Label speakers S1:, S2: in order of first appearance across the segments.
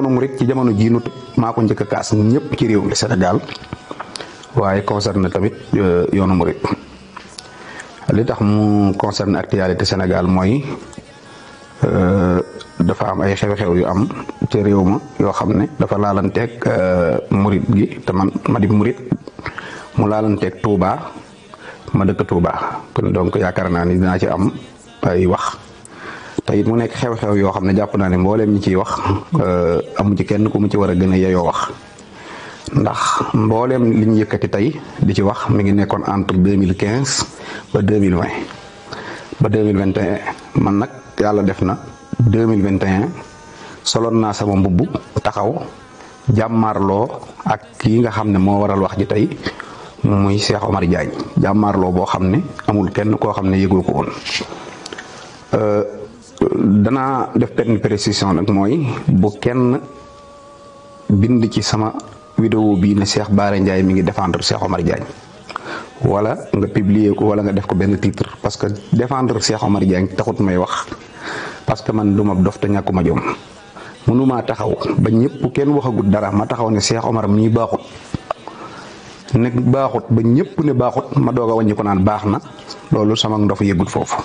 S1: mu murid ci jamono ma nu maa ko njëkk a kaas ñëpp ci réew mi Sénégal waye concerne tamit euh, yoonu rek li tax mu concerne actualité Sénégal euh dafa am ay xew-xew yu am ci réew ma yo xamne dafa dafa ak mourid gi te man ma di murid mula ak Touba ma dëkk Touba kon donc yaakaar ni dina ci am ay wax tey it mu nekk xew-xew yoo xam ne jàpp naa ne mbooleem ñi ciy wax euh, amu ci kenn ku mu ci war a gën a yeyoo wax ndax mbooleem liñ ñu yëkkati tey di ci wax mi ngi nekkoon entre deux mille quinze ba deux mille ba deux mille vingt man nag yàlla def na deux mille vingt et soloon naa sama mbubb taxaw jàmmaarloo ak kii nga xam ne moo waral wax ji tey muy Cheikh Omar Diagne jàmmaarloo boo xam ne amul kenn koo xam ne yëgul ko woon. Euh, Dana def ben précision nak moy bu kenn bind ci sama vidéo bi ne Cheikh bare ndjay mi ngi défendre Cheikh Omar ndjay wala nga publier ko wala nga def ko ben titre parce que défendre Cheikh Omar ndjay taxout may wax parce que man duma dof te ñakuma jom munuma taxaw ba ñepp kenn waxagut dara ma taxaw ne Cheikh Omar mi baxut ne baxut ba ñepp ne baxut ma doga wañi ko naan baxna lolu sama ndof yëgut fofu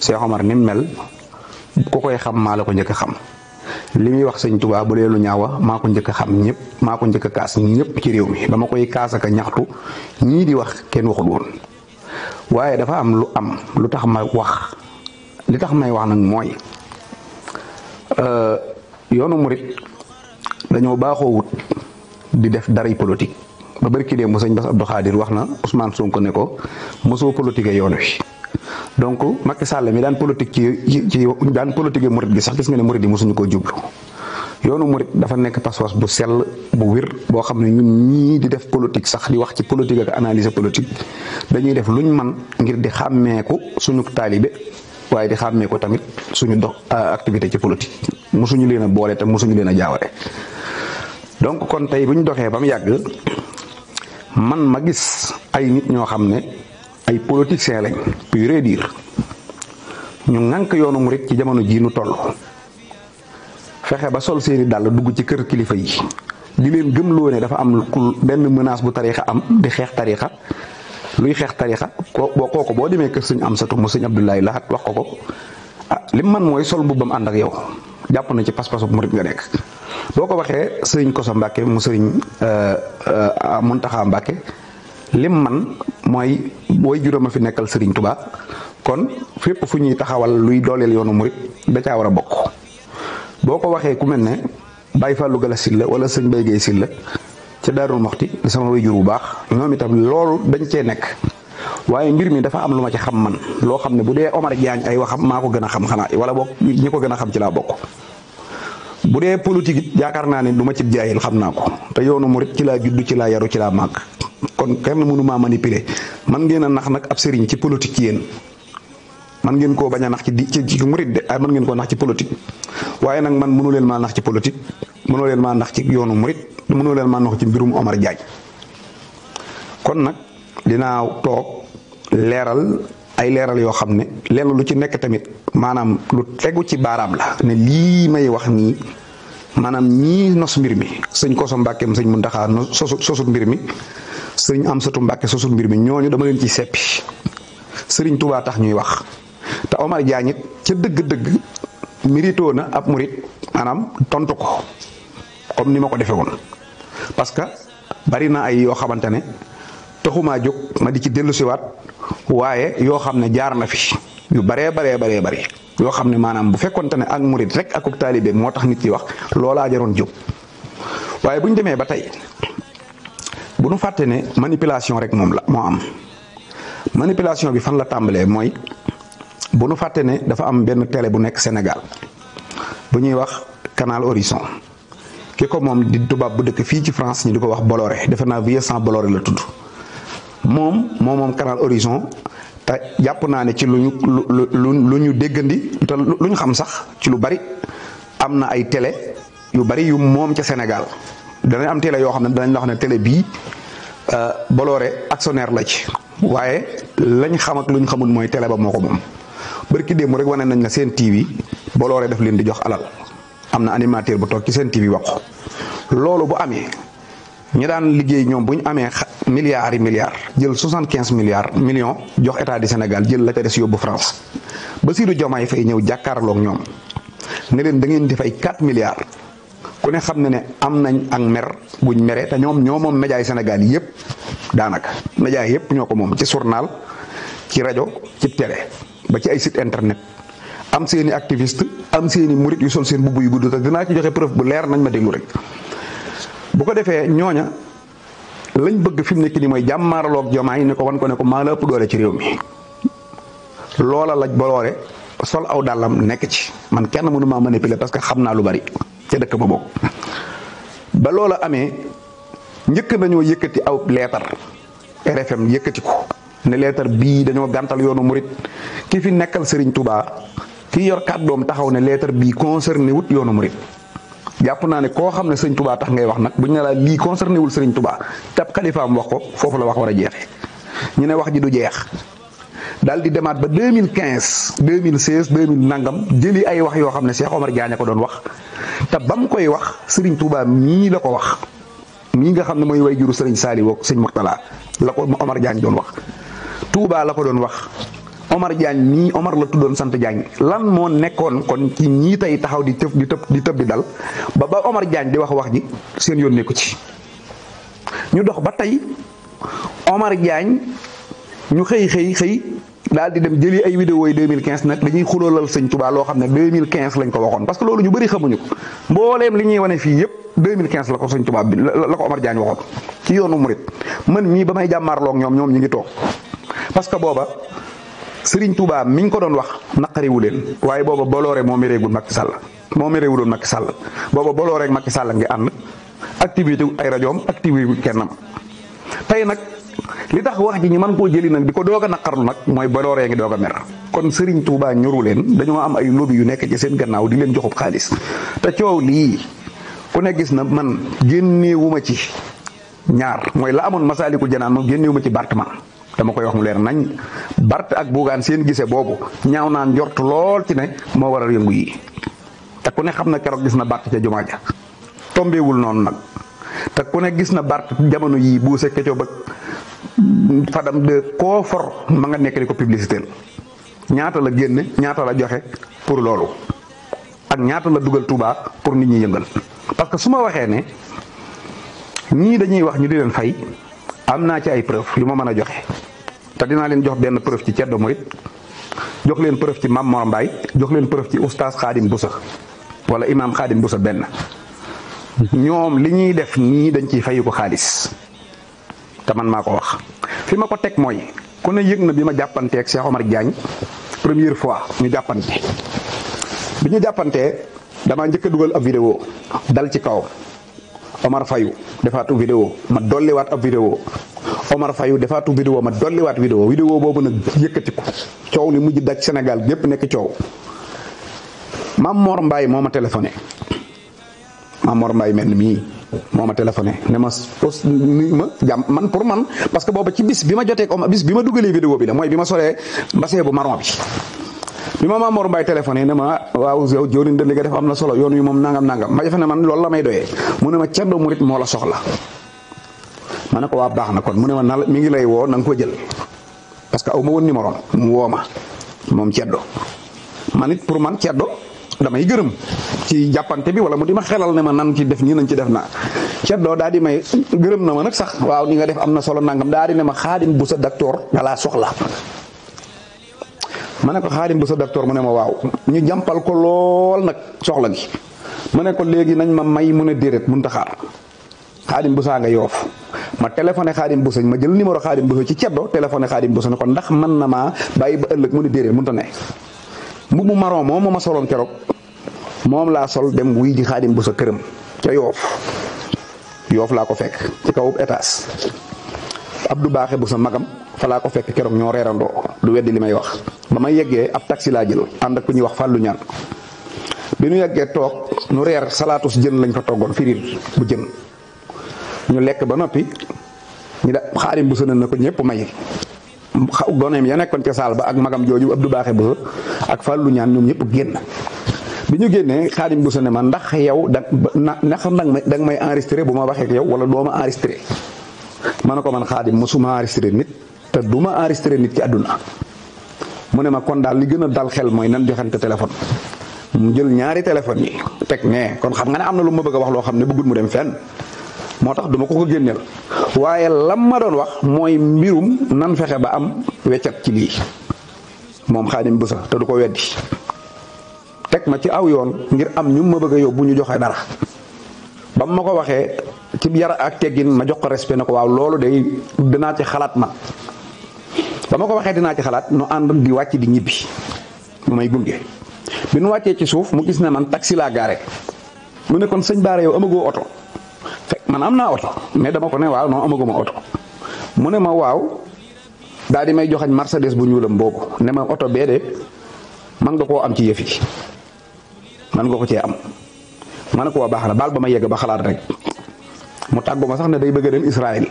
S1: Cheikh Omar ni mel ku koy xam ma la ko ñëk xam limi wax sëñ touba bu leelu lu ñaawa ma ko ñëk xam ñëpp ma ko ñëk kaas ñëpp ci réew mi ba koy kaas ak ñaxtu ñi di wax kenn waxul woon waaye dafa am lu am lu tax ma wax li tax may wax nag mooy euh, yoonu murit dañoo baaxoo wut di def dari politique ba barki ki dee mu sëñ Bass Abdou Khadir wax na Ousmane Sonko ne ko mosoo politique yoon donc Macky Sall mi dan politique ci ci dan politique murid gi sax gis nga ne murid di ko djublu yoonu murid dafa nek pas bu sel bu wir bo ñun ñi di def politique sax di wax ci politique ak analyser politique dañuy def luñ man ngir di xàmmeeku suñu talibé waye di xàmmee ko tamit suñu dox activité ci politique musuñu leena bolé boole te mosuñu jaawale donc kon tay buñ doxé bam yagg man ma gis ay nit ño xamne ay politiciens lañ pure dire ñu ŋànk yoonu murit ci jamono jii nu toll fexe ba sol seeni dàll dugg ci kër kilifa yi di leen gëmloo ne dafa am benn menace bu tariixa am di xeex tariixa luy xeex tariixa ko boo kooku boo demee kër sëñ am satu mu sëñ Abdoulaye Lahat wax ko ko ah lim man mooy sol mbubbam ànd ak yow jàpp na ci pas-pasu murit nga nekk boo ko waxee sëriñ Koso Mbàkke mu sëriñ euh, euh, Muntaxa Mbàkke lim man boy juro ma fi nekkal serigne touba kon fepp fu ñuy taxawal luy dolel yoonu mourid da ca wara bokk boko waxe ku melne ne fallu falu gala silla wala serigne bay gay silla ci darul moxti sama way jur bu baax ñoom itam loolu dañ ci nekk waye mbir mi dafa am luma ma ci xam man lo xamne bu Omar Diagne ay waxam maa ko gën xam xana wala bok ñiko ko xam ci la bokk bu politique it ne duma ci jaayil ko te yoonu mourid ci la juddu ci la yaru ci la kon kenn mënu mani manipuler man ngeen a nax nak ab serigne ci politique yeen man ngeen ko baña nak nax ci ci mourid de ah, man ngeen ko nax ci politique waye nak man mënu len ma nax ci politique mënoo len ma nax ci yoonu murid mënoo len ma nax ci mbirum Omar Diagne kon nak dina tok leral ay leral yo xamne len lu ci nek tamit manam lu teggu ci baram la ne li may wax ni manam ni nos mbir mi sëñ mbakem Mbàkkeem sëñ Muntaxa sosut mbir mi sering am satu mbàkke sosul mbir mi ñooñu dama leen ci seppi serigne touba tax ñuy wax ta omar jaañit ci deug deug mirito na ab mourid manam tontu ko comme ni ma ko defe woon parce que bari na ay yo xamantene taxuma juk ma di ci ci wat waye yo ne jaar na fi yu bare bare bare bare yo xamne ne bu fekkon tane ak mourid rek ak tali talibé motax nit ci wax lola jaron juk waye démé ba tay bu nu ne manipulation rek moom la moo am manipulation bi fan la tàmbalee mooy bu nu fàtte ne dafa am benn télé bu nekk Sénégal bu ñuy wax canal Horizon ki ko moom di tubaab bu dëkk fii ci France ñu di ko wax Bolloré defe naa vieux sans Bolloré la tudd moom moo canal Horizon te jàpp naa ne ci lu ñu lu lu ñu déggandi te lu ñu xam sax ci lu bari am ay télé yu bari yu moom ca Sénégal. danañ am télé yo xam ne danañ la wax télé bi euh boloré actionnaire la ci waaye lañ xam ak luñ xamul moy télé ba moko mom barki dem rek wané nañ la sen tv boloré daf leen di jox alal amna animateur bu tok ci sen tv wax lolu bu amé ñi daan liggéey ñom buñ amé milliards milliards jël 75 milliards millions jox état du sénégal jël la ca dess yobu france ba siiru jomay fay ñew jakarlo ak ñom ne leen da ngeen di fay 4 milliards ku ne xamne ne am nañ ak mer buñ meré te ñom ñom mom média sénégal yépp danaka média yépp ñoko mom ci journal ci radio ci télé ba ci ay site internet am seeni activiste am seeni mouride yu sol seen bubu yu gudd te dina ci joxe preuve bu leer nañ ma déglu rek bu ko défé ñoña lañ bëgg fim nekk ni mooy jàmmaaraloog jomaay ne ko wan ko ne ko maa la ëpp doole ci réew mi loola la boloore sol aw dalam nek ci man kenn mënu maa manipuler parce que xamna lu bari ca dëkk ba bokk ba loola amee njëkk nañoo yëkkati aw leetar RFM yëkkati ko ne leetar bii dañoo gàntal yoonu murit ki fi nekkal Serigne tubaa ki yor kàddoom taxaw ne leetar bii concerné wut yoonu murit jàpp naa ne koo xam ne sëñ tubaa tax ngay wax nag bu ñu ne laa lii concerné wul Serigne Touba tab xalifaam wax ko foofu la wax war a jeexee ñu ne wax ji du jeex. daal di demaat ba 2015 2016 2000 nangam jëli ay wax yoo xam ne Cheikh Omar Diagne ko doon wax te ba mu koy wax Serigne Touba mii la ko wax mii nga xam ne mooy way juru sëriñ saali ak sëñ Mourtala la ko Omar Diagne doon wax. Touba la ko doon wax Omar Diagne nii Omar la tuddoon sant Diagne lan moo nekkoon kon ci ñii tey taxaw di tëb di tëb di tëb di dal ba ba Omar Diagne di wax wax ji seen yoon nekku ci ñu dox ba tey Omar Diagne ñu xëy xëy xëy. daal di dem jëli ay vidéo yi 2015 nag dañuy xuloolal sëñ Touba loo xam ne 2015 lañ ko waxoon parce que loolu ñu bëri xamuñu ko mbooleem li ñuy wane fii yëpp 2015 la ko sëñ Touba la ko Omar Diagne waxoon ci yoonu murit man mii ba may jàmmaarloog ñoom ñoom ñu ngi toog parce que booba Serigne Touba mi ñu ko doon wax naqariwu leen waaye booba Bolloré moo méréegul Macky Sall moo méréewu doon Macky Sall booba Bolloré ak Macky Sall ngi ànd activité ay rajoom activité kennam tey nag. li tax wax ji ñu man koo jëli nag di ko doog a naqarlu nag mooy balooree ngi doog a mer kon Serigne Touba ñoru leen dañoo am ay lobby yu nekk ci seen gannaaw di leen joxub xaalis te coow lii ku ne gis na man génnewuma ci ñaar mooy la amoon masaaliku janaan moom génnewuma ci Bart dama koy wax mu leer nañ Bart ak Bougane seen gise boobu ñaaw naan njort lool ci ne moo waral yëngu yi te ku ne xam na keroog gis na Bart ca jumaa ja tombewul noonu nag. ta ku ne gis na bart jamono yi bu se kecio ba fadam de koo ma nga nek di publicité ñaata la génne ñaata la joxe pour lolu ak ñaata la dugal touba pour nit ñi yëngal parce que suma waxé né ñi dañuy wax ñu di len fay amna ci ay preuve yu ma mën a joxe te dinaa leen jox ben preuve ci ceddo morit jox len preuve ci mam mo mbay jox len preuve ci oustaz khadim busa wala imam khadim busa ben ñoom li ñuy def nii dañ ciy fayu ko xaalis te man maa ko wax fi ma ko teg mooy ku ne yëg na bi ma jàppanteek Cheikh Omar Diagne première fois ñu jàppante bi ñu jàppantee damaa njëkk a dugal ab vidéo dal ci kaw Omar fayu defaatu vidéo ma dolliwaat ab vidéo Omar fayu defaatu vidéo ma dolliwaat vidéo vidéo boobu nag yëkkati ko coow li mujj daj senegal gépp nekk coow Mam Mor Mbaye moo ma téléphoné Amor mbay mel mi moma ma téléphoné ne ma ni ma jam man pour man parce que bobu ci bis bima joté ko bis bima ma vidéo bi la moy bima soré mbassé bu maron bi bi ma amor mbay téléphoné ne ma waaw yow jorin de li nga def amna solo yoon yu mom nangam nangam ma defe ne man loolu la may mu ne ma cendo mourid mo la soxla mané ko wa baax na kon mu ne ma nal mi ngi lay wo nang ko jël parce que aw ma numéro mu woo ma ceddo man pour man ceddo damay gërëm ci jappanté bi wala mu di ma xelal né ma nan ci def ni nañ ci def na do daa di may gërëm na ma nak sax waaw ni nga def amna solo nangam daa di né ma khadim bu sa docteur nga laa soxla mané ko khadim bu sa docteur mané ma waaw ñu jampal ko lool nak soxla gi ma ko légui nañ ma may mu né déedéet mu khadim bu sa nga yof ma téléphoné khadim bu sañ ma jël numéro khadim bu ci ceddo téléphoné khadim bu sa ko ndax man na ma ba ëlëk mu né mu ta mbubu maron moom ma mau kérok mom la sol dem wuy di xaadim bu sa kërëm ca yof yof la ko fekk ci busuk étage abdou baaxe bu sa magam fa la ko fekk kérok ño rérando du wéddi limay wax bama ma ab taxi la jël and ak ñu wax fallu ñaan bi nu nu lañ fa togon firir bu jën ñu lek ba nopi ñi da xaarim bu sa na ko ñepp may goneem ya nekkon ci saal ba ak magam joju Abdou Baaxe Bousso ak fallu ñaan ñoom ñep genn biñu ñu khadim bu sene man ndax yow da na ndax nag ma may enregistrer buma waxé ak yow wala doma ma enregistré mit ko man Xaadim mosuma enregistrer nit te duma ma nit ci aduna mu ne ma kon dal li gëna dal xel moy nan joxante téléphone mu jël ñaari téléphone yi tek né kon xam nga ne am lu ma bëgg wax lo xamné bëggul mu dem fenn moo tax duma ko ko génneel waaye lam ma doon wax mooy mbirum nan fexe ba am weccat ci lii moom xaadim bu te du ko weddi teg ma ci aw yoon ngir am ñu ma bëgg a yóbbu ñu joxee dara ba ma ko waxee ci yara ak teggin ma jox ko respect ne ko waaw loolu day dinaa ci xalaat man ba ma ko waxee dinaa ci xalaat nu ànd di wàcc di ñibbi mu may gunge bi nu wàccee ci suuf mu gis ne man taxi laa gaare mu ne kon sëñ Baara yow amagoo oto man am naa oto mais dama ko ne waaw non amaguma oto mu ne ma waaw daal di may joxañ Mercedes bu ñuulam boobu ne ma oto bee de man nga koo am ci yëf yi man nga ko cee am ma ne ko waa baax na baal ba ma yegg ba xalaat rek mu tàggu ma sax ne day bëgg dem Israël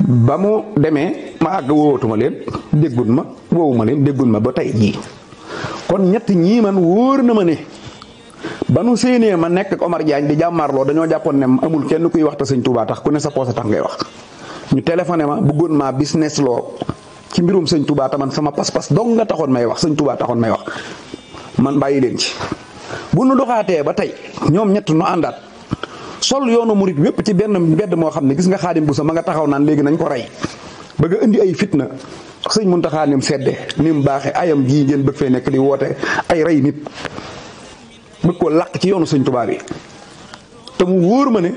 S1: ba mu demee ma àgg wóowatuma leen déggut ma woowuma leen déggut ma ba tey jii kon ñett ñii man wóor na ma ne. banu seené ma nek ak Omar Diagne di jàmmarloo dañu jàppoon ne amul kenn kuy wax ta seigne Touba tax ku ne sa poosa tax ngay wax ñu téléphoné ma bëggon ma business lo ci mbirum seigne Touba man sama pas-pas dong nga taxoon may wax seigne Touba taxoon may wax man bayi len ci bu nu doxaatee ba tay ñom ñett nu andat sol yoonu mourid wépp ci benn mbedd mo xam gis nga khadim bousa ma nga taxaw naan léegi nañ ko ray bëgg indi ay fitna seigne muntaha nim sedde nim baxé ayam gi ngeen bëgg nek di ay ray nit bëgg ko làq ci yoonu sëñ Tuubaa bi te mu wóor ma ne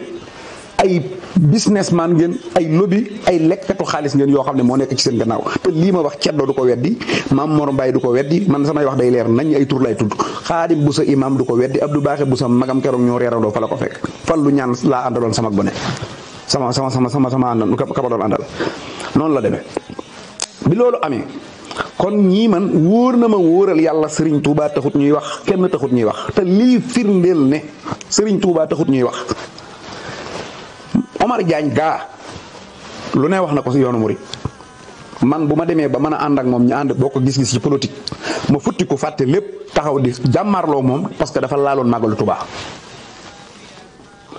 S1: ay businessman ngeen ay lobby ay lekkatu xaalis ngeen yoo xam ne moo nekk ci seen gannaaw te lii ma wax ceddo du ko weddi maam Mor Mbaye du ko weddi man samay wax day leer nañ ay tur lay tudd xaadim bu sa imam du ko weddi Abdou Baaxe bu sa magam keroog ñoo reerandoo fa la ko fekk fan lu ñaan laa àndaloon sama bone sama sama sama sama sama àndal kaba doon andal noonu la demee bi loolu amee kon ñii man wóor na ma wóoral yàlla sëriñ tuubaa taxut ñuy wax kenn taxut ñuy wax te lii firndeel ne sëriñ tuubaa taxut ñuy wax Omar Diagne gaa lu ne wax na ko si yoonu murid man bu ma demee ba mën a ànd ak moom ñu ànd boo ko gis-gis ci politique ma futti ko fàtte lépp taxaw di jàmmarloo moom parce que dafa laaloon màggalu Touba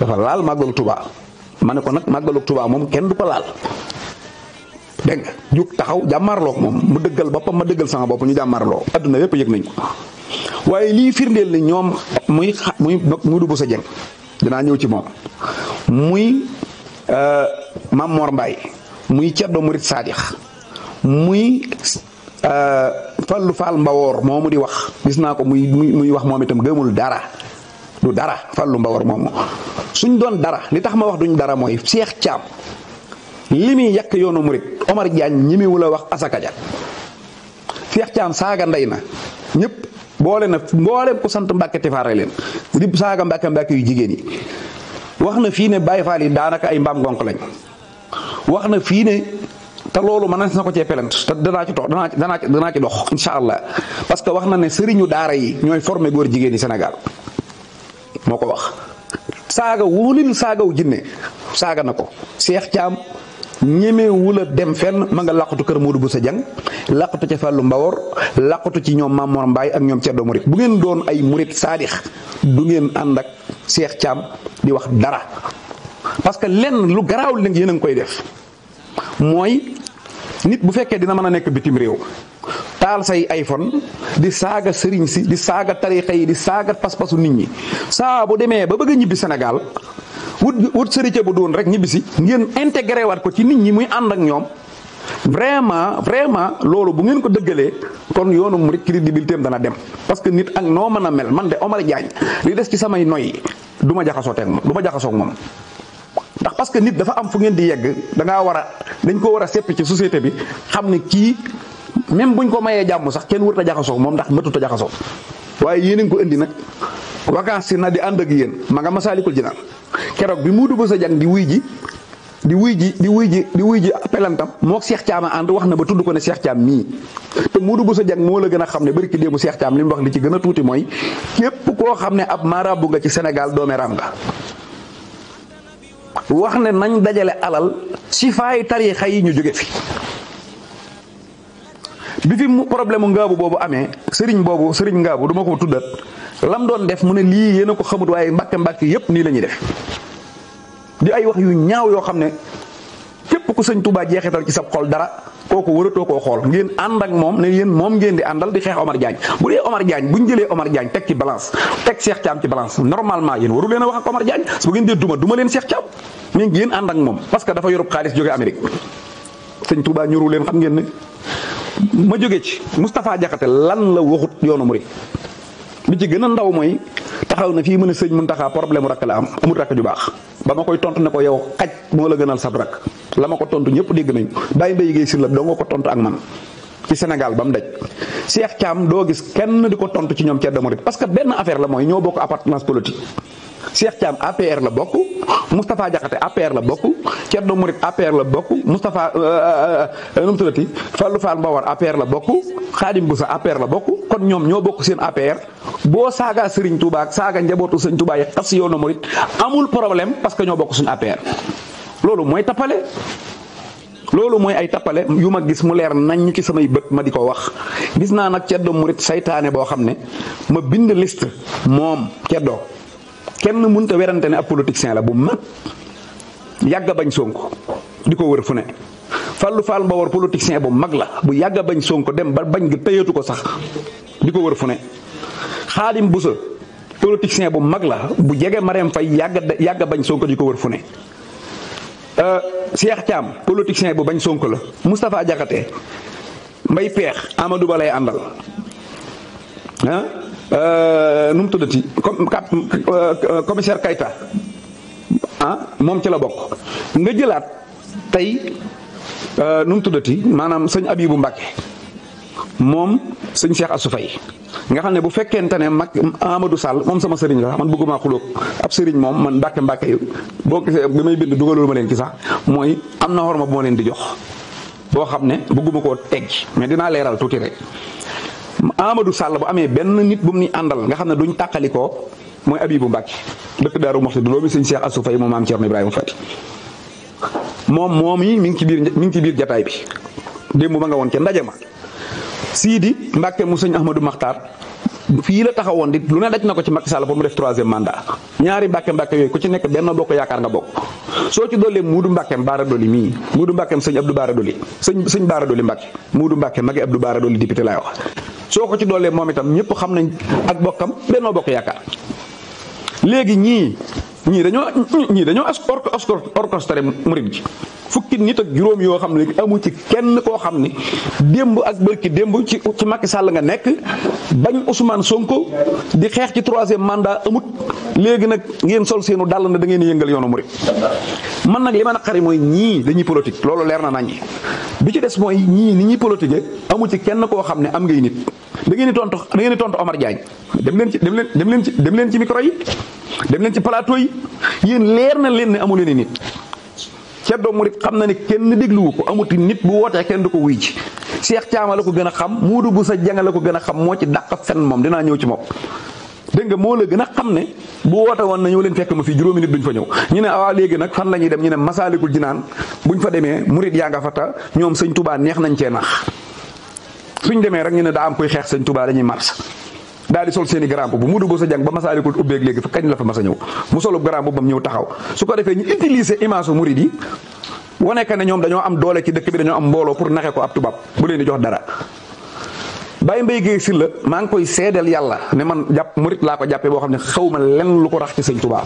S1: dafa laal màggalu Touba ma ne ko nag màggalu Touba moom kenn du ko laal Deng, ñu taxaw jamar jàmmarloog mom, mu dëggal boppam ma deggal sama bop ñu jàmmarloo aduna yépp yëg nañ ko waaye lii firndeel ni ñom muy muy mu du bu sa jeng dinaa ñëw ci mom muy euh, Mam Mor mbay muy ciado mourid sadiq muy euh, Fallu fal mbawor momu di wax gis na ko muy muy wax moom itam gëmul dara du dara Fallu mbawor momu suñ doon dara li tax ma wax duñ dara moy cheikh tiam limi yak yono murid Omar Diagne ñimi wula wax asaka ja Cheikh saga saaga ndey na boole na boole ku sant Mbàkke tifaare len di saga Mbàkke Mbàkke yu jigéen yi wax ne Baye fali danaka ay mbam gonk lañ waxna fi ne ta loolu man nañ ko ci pelant ta dana ci tok dana ci dana ci danaa ci dox inshallah parce que waxna ne serignu daara yi ñoy formé gor jigéen yi moko moo saga wulin saga wóolil jinne saga nako Cheikh tiam ñeme wula dem fenn ma nga laqatu kër modou bousa jang laqatu ci fallu mbawor laqatu ci ñom mamor mbay ak ñom ceddo mourid bu ngeen doon ay mourid salih du ngeen and ak cheikh cham di wax dara parce que lenn lu graw li ngeen koy def moy nit bu fekke dina mëna nek bitim rew taal say iphone di saga serigne si di saga tarixa di saga pas passu nit ñi sa bu démé ba bëgg ñibbi sénégal wut wut sërite bu doon rek ñibbisi ngeen intégré waat ko ci nit ñi muy ànd ak ñoom vraiment vraiment loolu bu ngeen ko dëggalee kon yoonu murit crédibilité am dana dem parce que nit ak noo mën a mel man de Omar Diagne li des ci samay noy du jaxasoo teeg moom du ma jaxasoo moom. ndax parce que nit dafa am fu ngeen di yegg da ngaa war a dañ ko war a sepp ci société bi xam ne kii même buñ ko mayee jàmm sax kenn wër ta jaxasoo moom ndax mëtut a jaxasoo. waaye yéen ko indi nag vacances si na di ànd ak yéen ma nga masaalikul jinaan keroog bi mu ba sa jang di wuy ji di wuy ji di wuy ji di wuy ji pelantam moo Seex Caam ànd wax na ba tudd ko ne Seex Caam mii te Modou sa Dieng moo la gën a xam ne bari ki démb Seex Caam li mu wax li ci gën a tuuti mooy képp koo xam ne ab marabu nga ci senegal doomeram nga wax ne nañ dajale alal si faay tariixa yi ñu jóge fi bi fi problème ngabu bobu amé sering bobu sering ngabu duma ko tuddat lam doon def mune li, yena ko xamut waye mbacke mbacke yep ni lañuy def di ay wax yu ñaaw yo xam ne ku serigne Touba jeexital ci sa xol dara kooku wëratoo ko xol ngeen and ak mom ne yeen mom ngeen di andal di xex Omar Diagne bu kamar Omar Diagne buñu jëlé Omar Diagne tek ci balance tek Cheikh tiam ci balance normalement yeen waru leen wax ak Omar Diagne su ngeen dé duma duma leen Cheikh tiam mais ngeen and ak mom parce que dafa yorop xaalis jogé amerique serigne Touba ñuru leen xam ngeen ne ma jóge ci Moustapha Diakhaté lan la waxut yoonu mu murid bi ci gën a ndaw mooy taxaw na fii mën a sëñ Muntaxa problème rakk la am amut rakk ju baax ba ma koy tontu ne ko yow xaj moo la gënal sab rakk la ma ko tontu ñëpp dégg nañu bay mbay géey si la doo nga ko tontu ak man ci Sénégal ba mu daj Cheikh Thiam doo gis kenn di ko tontu ci ñoom ceddo murid parce que benn affaire la mooy ñoo bokk appartenance politique Cheikh tiam APR la bokku mustafa Diakhaté APR la bokk Thierno Mourid APR la bokku mustafa euh, euh, euh, nu mu tuddati Fallou Mbawar APR la bokku Khadim Boussa APR la bokku kon ñom ño bokku seen APR bo saga Serigne Touba ak saaga njabootu Serigne Touba xass yo no Mourid amul problème parce que ño bokku sun APR lolu moy tapale lolu moy ay tapale yu ma gis mu leer nañ ci samay beut ma diko wax gis na nak ceddo murit saytaane ne ma bind liste mom ceddoo kenn mënut a ni ne ab politicien la bu mag yàgg bañ sonk di ko wër fu ne Fallou Fall Mbawar politicien bu mag la bu yàgg bañ Sonko dem ba bañ nga tëyatu ko sax di ko wër fu ne Xaadim Busa politicien bu mag la bu jege Marème Faye yàgg yàgg bañ Sonko di ko wër fu ne. Euh, Cheikh Thiam politicien bu bañ Sonko la Moustapha Diakhaté Mbay Peex amadu Ba lay àndal ah. Euh, nu mu tuddati com euh, commissaire Kayta ah moom ci la bokk nga jëlaat tey euh, nu mu tuddati maanaam sëñ bu Mbàkke moom sëñ Cheikh Assou Faye nga xam ne bu fekkente ne mag Amadou Sall moom sama sëriñ la sax man bëgguma xulóog ab sëriñ moom man mbàkke mbàkke yi boo gisee bi may bind dugalul ma leen ci sax mooy am na xorma bu ma leen di jox boo xam ne bëgguma koo teggi mais dinaa leeral tuuti rek. Amadou Sall bu amee benn nit bu mu ni àndal nga xam ne duñ tàqalikoo mooy bu Mbacke dëkk Daaru Muxti du doomi sëñ Cheikh Assou fay moom maam Thierno Ibrahima Fati moom moom yi mi ngi ci biir mi ngi ci biir jataay bi démb ma nga woon ca ndaje ma Sidi Mbacke mu sëñ Ahmadou maxtar fii la taxawoon di lu ne daj na ko ci Macky Sall pour mu def troisième mandat ñaari Mbàkke Mbàkke yooyu ku ci nekk benn bokk yaakaar nga bokk soo ci doolee Muudu Mbàkkeem Baara Doli mii Muudu Mbàkkeem sëñ Abdou Baara Doli sëñ sëñ Baara dooli Mbàkke Muudu Mbàkke magi Abdou Baara Doli député laay wax soo ko ci doolee moom itam ñëpp xam nañ ak bokkam benn bokk yaakaar léegi ñii ñii dañoo ñii dañoo as orchestré murid ji fukki nit ak juróom yoo xam ne amu ci kenn koo xam ne démb ak bërki démb ci ci Macky Sall nga nekk bañ Ousmane Sonko di xeex ci troisième mandat amut léegi nag ngeen sol seenu dàll na da ngeen yëngal yoonu murid man nag li ma naqari mooy ñii dañuy politique loolu leer na nañ bi ci des mooy ñii ni ñuy politique amu ci kenn koo xam ne am ngay nit da ngeen di tontu da ngeen di tontu Omar Diagne dem leen ci dem leen dem leen ci dem leen ci micro dem leen ci plateau yi yéen leer na leen ni amu leen nit. Ceddo Murit xam na ne kenn dégluwu ko amuti nit bu wootee kenn du ko wuy ji Cheikh Thiam la ko gën a xam Moodu bu sa janga la ko gën a xam moo ci dàq fen moom dinaa ñëw ci moom. dégg nga moo la gën a xam ne bu woote woon na ñëw leen fekk ma fii juróomi nit duñ fa ñëw ñu ne awaa ah léegi nag fan la ñuy dem ñu ne masaalikul jinaan buñ fa demee murit yaa nga fa ta ñoom sëñ tubaa neex nañ cee nax suñ demee rek ñu ne daa am koy xeex sëñ tubaa dañuy mars daa di sol seen i grand bu mu dugg sa jàng ba masaalikul ubbeeg léegi fa kañ la fa mas a ñëw mu solu grand bam ñëw taxaw su ko defee ñu utiliser image su murit yi wane ne ñoom dañoo am doole ci dëkk bi dañoo am mbooloo pour naxe ko ab tubaab bu leen jox dara Baye Mbaye Guèye Sylla maa ngi koy seedeel yàlla ne man jàpp murit laa ko jàppee boo xam ne xaw ma lenn lu ko rax ci sëñ Tuubaa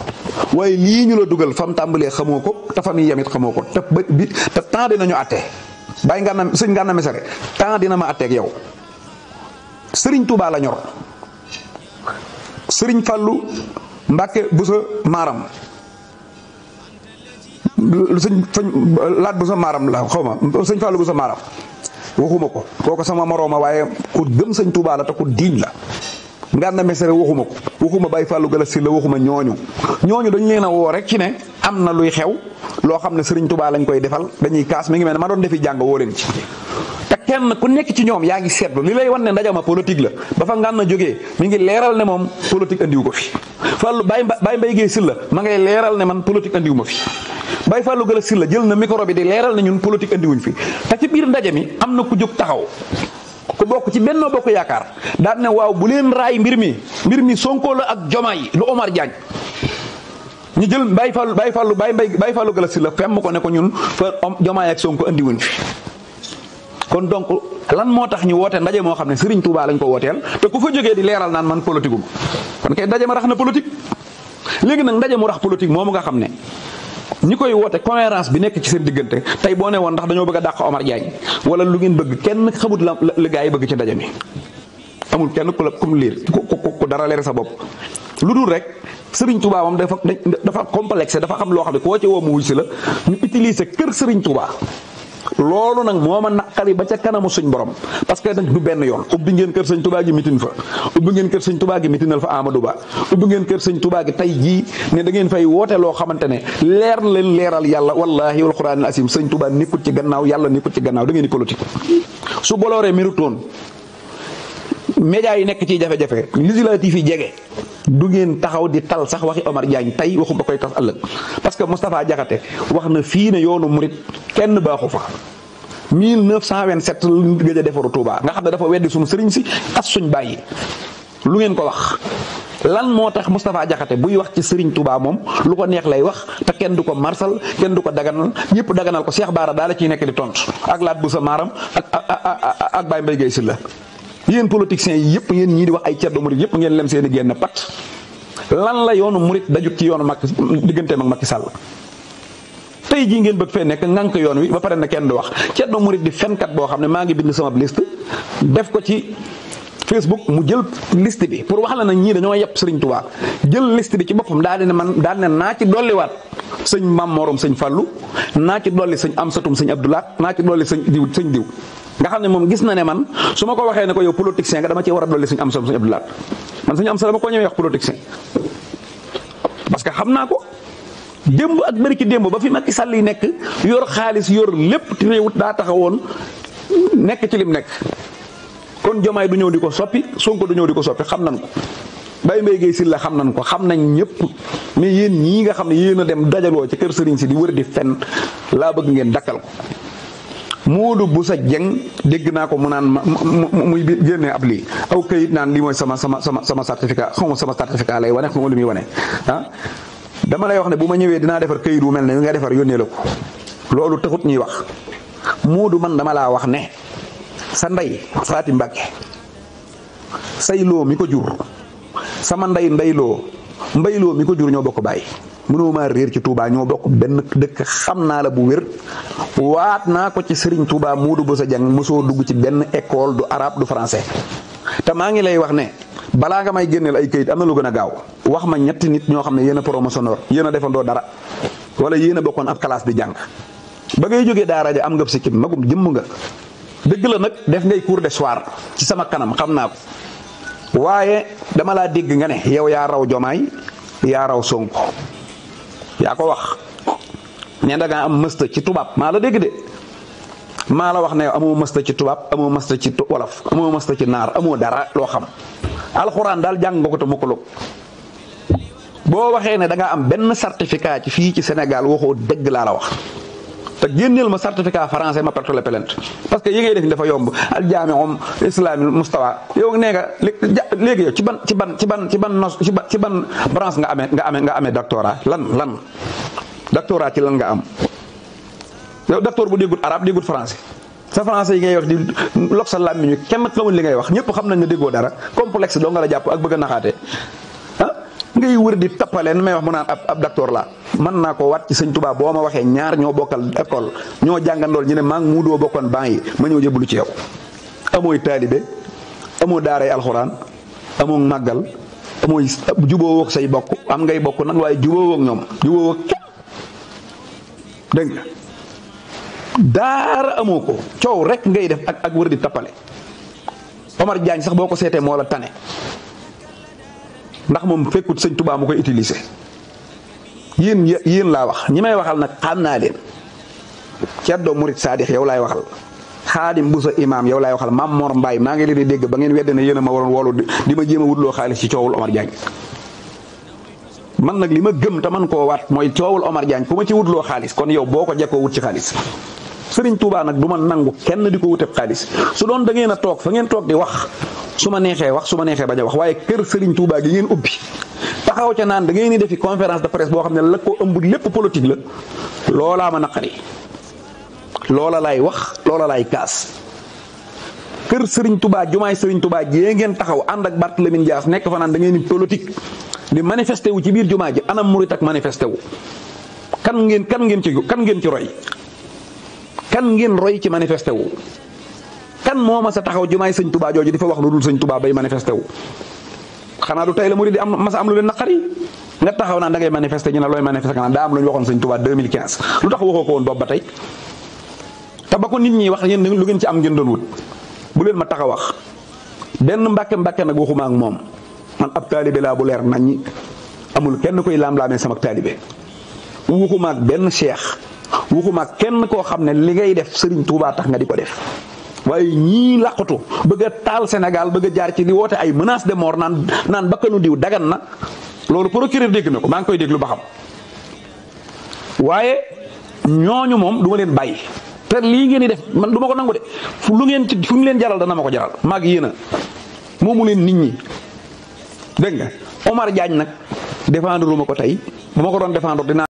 S1: waaye lii ñu la dugal fam tàmbalee xamoo ko te fam yi yamit xamoo ko te ba bi te temps dinañu àttee bàyyi ngànna sëñ ngànna mesere temps dina ma àtteeg yow sëriñ Tuubaa la ñor sëriñ Fàllu Mbàkke bu sa maaram sëñ laat bu sa maaram la xaw ma sëñ Fàllu bu sa maaram waxuma ko kooku sama morooma waaye ku gëm sëñ Tuubaa la te ku diiñ la Ngana Mesere waxuma ko waxuma Baye Fallou Galassi la waxuma ñooñu ñooñu dañ leen a woo rek ci ne am na luy xew loo xam ne Serigne Touba lañ koy defal dañuy kaas mi ngi mel ne ma doon defi jàng woo leen ci. te kenn ku nekk ci ñoom yaa ngi seetlu li lay wan ne ndajama politique la ba fa Ngana jógee mi ngi leeral ne moom politique andiwu ko fi Fallou Baye Baye Mbaye Guèye Sylla ma ngay leeral ne man politique andiwu ma fi. Baye Fallou Gala Sylla jël na micro bi di leeral na ñun politique andiwuñ fi te ci biir ndaje mi am na ku jóg taxaw ku bokk ci Benno Bokk Yaakaar daan ne waaw bu leen raay mbir mi mbir mi Sonko la ak Jomaay lu Omar Diagne ñu jël Baye Fallou Baye Fallou Baye Baye Fallou Gala Sylla femm ko ne ko ñun fa Jomaay ak Sonko andiwuñ fi kon donc lan moo tax ñu woote ndaje moo xam ne Serigne tuubaa lañ ko wooteel te ku fa jógee di leeral naan man politique kon kay ndaje ma rax na politique léegi nag ndaje mu rax politique moomu nga xam ne ñi koy woote cohérence bi nekk ci seen diggante tey boo ne woon ndax dañoo bëgg a dàq Omar Diagne wala lu ngeen bëgg kenn xamut la la gaa yi bëgg ci ndaje mi amul kenn ku la kum liir ku ku dara lere sa bopp lu dul rek Serigne Touba moom dafa dafa complexe dafa xam loo xam ne koo ci woo mu wuy si la ñu utiliser kër Serigne Touba. loolu nag moo ma naqari ba ca kanamu suñ borom parce que nag du benn yoon ubbi ngeen kër sëñ tubaa gi mitin fa ubbi ngeen kër sëñ tubaa gi mitinal fa Amadou Ba ubbi ngeen kër sëñ tubaa gi tey jii ne da ngeen fay woote loo xamante ne leer leen leeral yàlla wallahi wal quraan al asim sëñ tubaa nekkut ci gannaaw yàlla nekkut ci gannaaw da ngeen di politique su bolooree mirutoon médias yi nekk ci jafe-jafe législatif yi jege du ngeen taxaw di tal sax waxi Omar Diagne tey waxu ba koy tas ëllëg parce que Moustapha Diakhaté wax na fii ne yoonu murit kenn baaxu fa 1927 lu gëj a defaru Touba nga xam ne dafa weddi suñu sëriñ si as suñ bàyyi lu ngeen ko wax lan moo tax Moustapha Diakhaté buy wax ci Serigne Touba moom lu ko neex lay wax te kenn du ko marsal kenn du ko daganal ñëpp daganal ko Cheikh Baara daal la ciy nekk di tontu ak laat bu maaram ak ak ak Baye Mbaye la yéen politiciens yi yëpp yéen ñii di wax ay ceddo murit yëpp ngeen lem seen i génn pat lan la yoonu murit dajut ci yoonu Macky digganteem ak Macky Sall tey jii ngeen bëgg fee nekk ngànk yoon wi ba pare na kenn di wax ceddo murit di fenkat boo xam ne maa ngi bind sama liste def ko ci. Facebook mu jël list bi pour wax la na ñii dañoo yàpp Serigne Touba jël liste bi ci boppam daal di ne man daal di ne naa ci dolliwaat sëñ Mam Morom sëñ Fallou naa ci dolli sëñ Amsatum sëñ Abdoulaat naa ci dolli sëñ diw sëñ diw. nga xam ne moom gis na ne man su ma ko waxee ne ko yow politicien nga dama cee war a dolli sëñ Amsatum sëñ Abdoulaat man sëñ Amsa dama ko ñëwee wax politicien parce que xam naa ko. démb ak bëri ci démb ba fi Macky Sall yi nekk yor xaalis yor lépp te réewut daa taxawoon nekk ci lim nekk. kon jomay du ñew di soppi sonko du ñew di soppi xam nañ ko bay mbey gey sil la xam nañ ko xam nañ ñepp mais yeen ñi nga xam ne yéen dem dajalo ci kër serigne ci di wër di fenn la bëgg ngeen dakkal ko modou bu sa jeng dégg na ko mu naan muy génne ab lii aw kayit naan li moy sama sama sama sama certificat xam sama certificat lay wone xam lu mi wone ah dama lay wax ne buma ñewé dina défar defar kayit wu mel nga défar yónnee lolu taxut ñi wax modou man dama la wax ne sa nday fati mbake say lo mi ko jur sama lo ndeyloo lo mi ko jur ño bokk bay mënoo ma reer ci Touba ño bokk ben dekk xamna la bu wër wat na ko ci Serigne Touba modou Bosa Jang mëso dugg ci ben école du arab du français ta ma ngi lay wax ne bala nga may génneel ay keuyit amna lu gëna gaaw wax ma ñett nit ño xamne yena yena dara wala yena bokkon ak classe di jang ba ngay joggé daara ja am nga kim magum jëm nga dëgg la nag def ngay cours de soir ci sama kanam xam naa ko waaye dama laa dégg nga ne yow yaa raw jomaay yaa raw Sonko yaa ko wax ne da am mësta ci tubaab maa la dégg maa la wax ne amoo mësta ci tubaab amoo mësta ci wolof amoo mësta ci naar amoo dara loo xam alxuraan daal jàng nga ko te mukkulug boo waxee ne danga am benn certificat ci fii ci Sénégal waxoo dëgg laa la wax. te gennel ma certificat français ma perte la plainte parce que yi ngay def ni dafa yomb al jaamium islami mustawa yow ne nga léegi ci ban ci ban ci ban ci ban ci ban branche nga amé nga amé nga amé doctorat lan lan doctorat ci lan nga am yow docteur bu déggut arab déggut français sa français yi ngay wax di lox sa làmmiñu kemat xamul li ngay wax ñepp xam nañu ne dara complexe do nga la japp ak bëgg naxaté ngay wër di tappale nu may wax mu naan ab ab la mën naa ko wat ci sëñ Tuubaa boo ma waxee ñaar ñoo bokkal ekool ñoo jàngandool ñu ne maa ngi mu doo bokkoon ban yi ma ñëw jëblu ci yow amooy taalibe amoo daaray alxuraan amoo màggal amoo juboo woog say bokk am ngay bokk nag waaye juboo woog ñoom juboo woog dégg daara amoo ko coow rek ngay def ak ak wër di tappale Omar Diagne sax boo ko seetee moo la tane ndax moom fekkut sëñ tubaa mu koy utiliser yéen yéen laa wax ñi may waxal nag xam naa leen ceddo murit saadix yow laay waxal xaadim bu sa imaam yaw laay waxal maam Mor Mbaay maa ngi leen di dégg ba ngeen wedde na yéen ma waroon woolu di ma jéem a wutloo xaalis ci coowul Omar Diagne man nag li ma gëm te man koo waat mooy coowul Omar Diagne ku ma ci wutloo xaalis kon yow boo ko jekkoo wut ci xaalis serigne touba nak duma nangu kenn diko wutep khalis su doon da ngay na tok fa ngeen tok di wax suma nexé wax suma nexé baña wax waye keur serigne touba gi ngeen ubbi taxaw ca nan da ngay di defi conférence de presse bo xamné la ko eumbu lepp politique la lola ma nakari lola lay wax lola lay kaas keur serigne touba jumaay serigne touba jee ngeen taxaw and ak lamine dias nek fa nan da ngay di politique di manifester wu ci bir jumaaji anam mouride ak manifester wu kan ngeen kan ngeen ci kan ngeen ci roy kan ngeen roy ci manifesté wu kan moo ma sa taxaw jumaay sañ tubaa jooju di fa wax lu dul sañ tubaa bay manifesté wu xanaa lu tey la mu di am masa am lu leen naqari nga taxaw naan da ngay manifester ñu ne looy manifester nga naan daa am lu ñu waxoon sëñ tubaa 2015 lu tax waxoo ko te ba ko nit ñi wax yéen lu ngeen ci am ngeen doon wut bu leen ma tax wax benn mbàkke mbàkke nag waxuma ak moom man ab taalibe laa bu leer nañ amul kenn koy laam-laamee sama taalibe waxuma ak benn cheikh waxuma kenn koo xam ne li ngay def Serigne Touba tax nga di ko def. waaye ñii laqatu bëgg taal Sénégal bëgg jaar ci li woote ay menace de mort naan naan bakkanu diw dagan na loolu procureur dégg na ko maa ngi koy déglu ba xam waaye ñooñu moom du leen bàyyi te lii ngeen di def man du ma ko nangu de fu lu ngeen ci fu mu leen jaral dana ma ko jaral mag yéen a moomu leen nit ñi dégg nga Omar Diagne nag défendre ko tey bu ma ko doon défendre dinaa.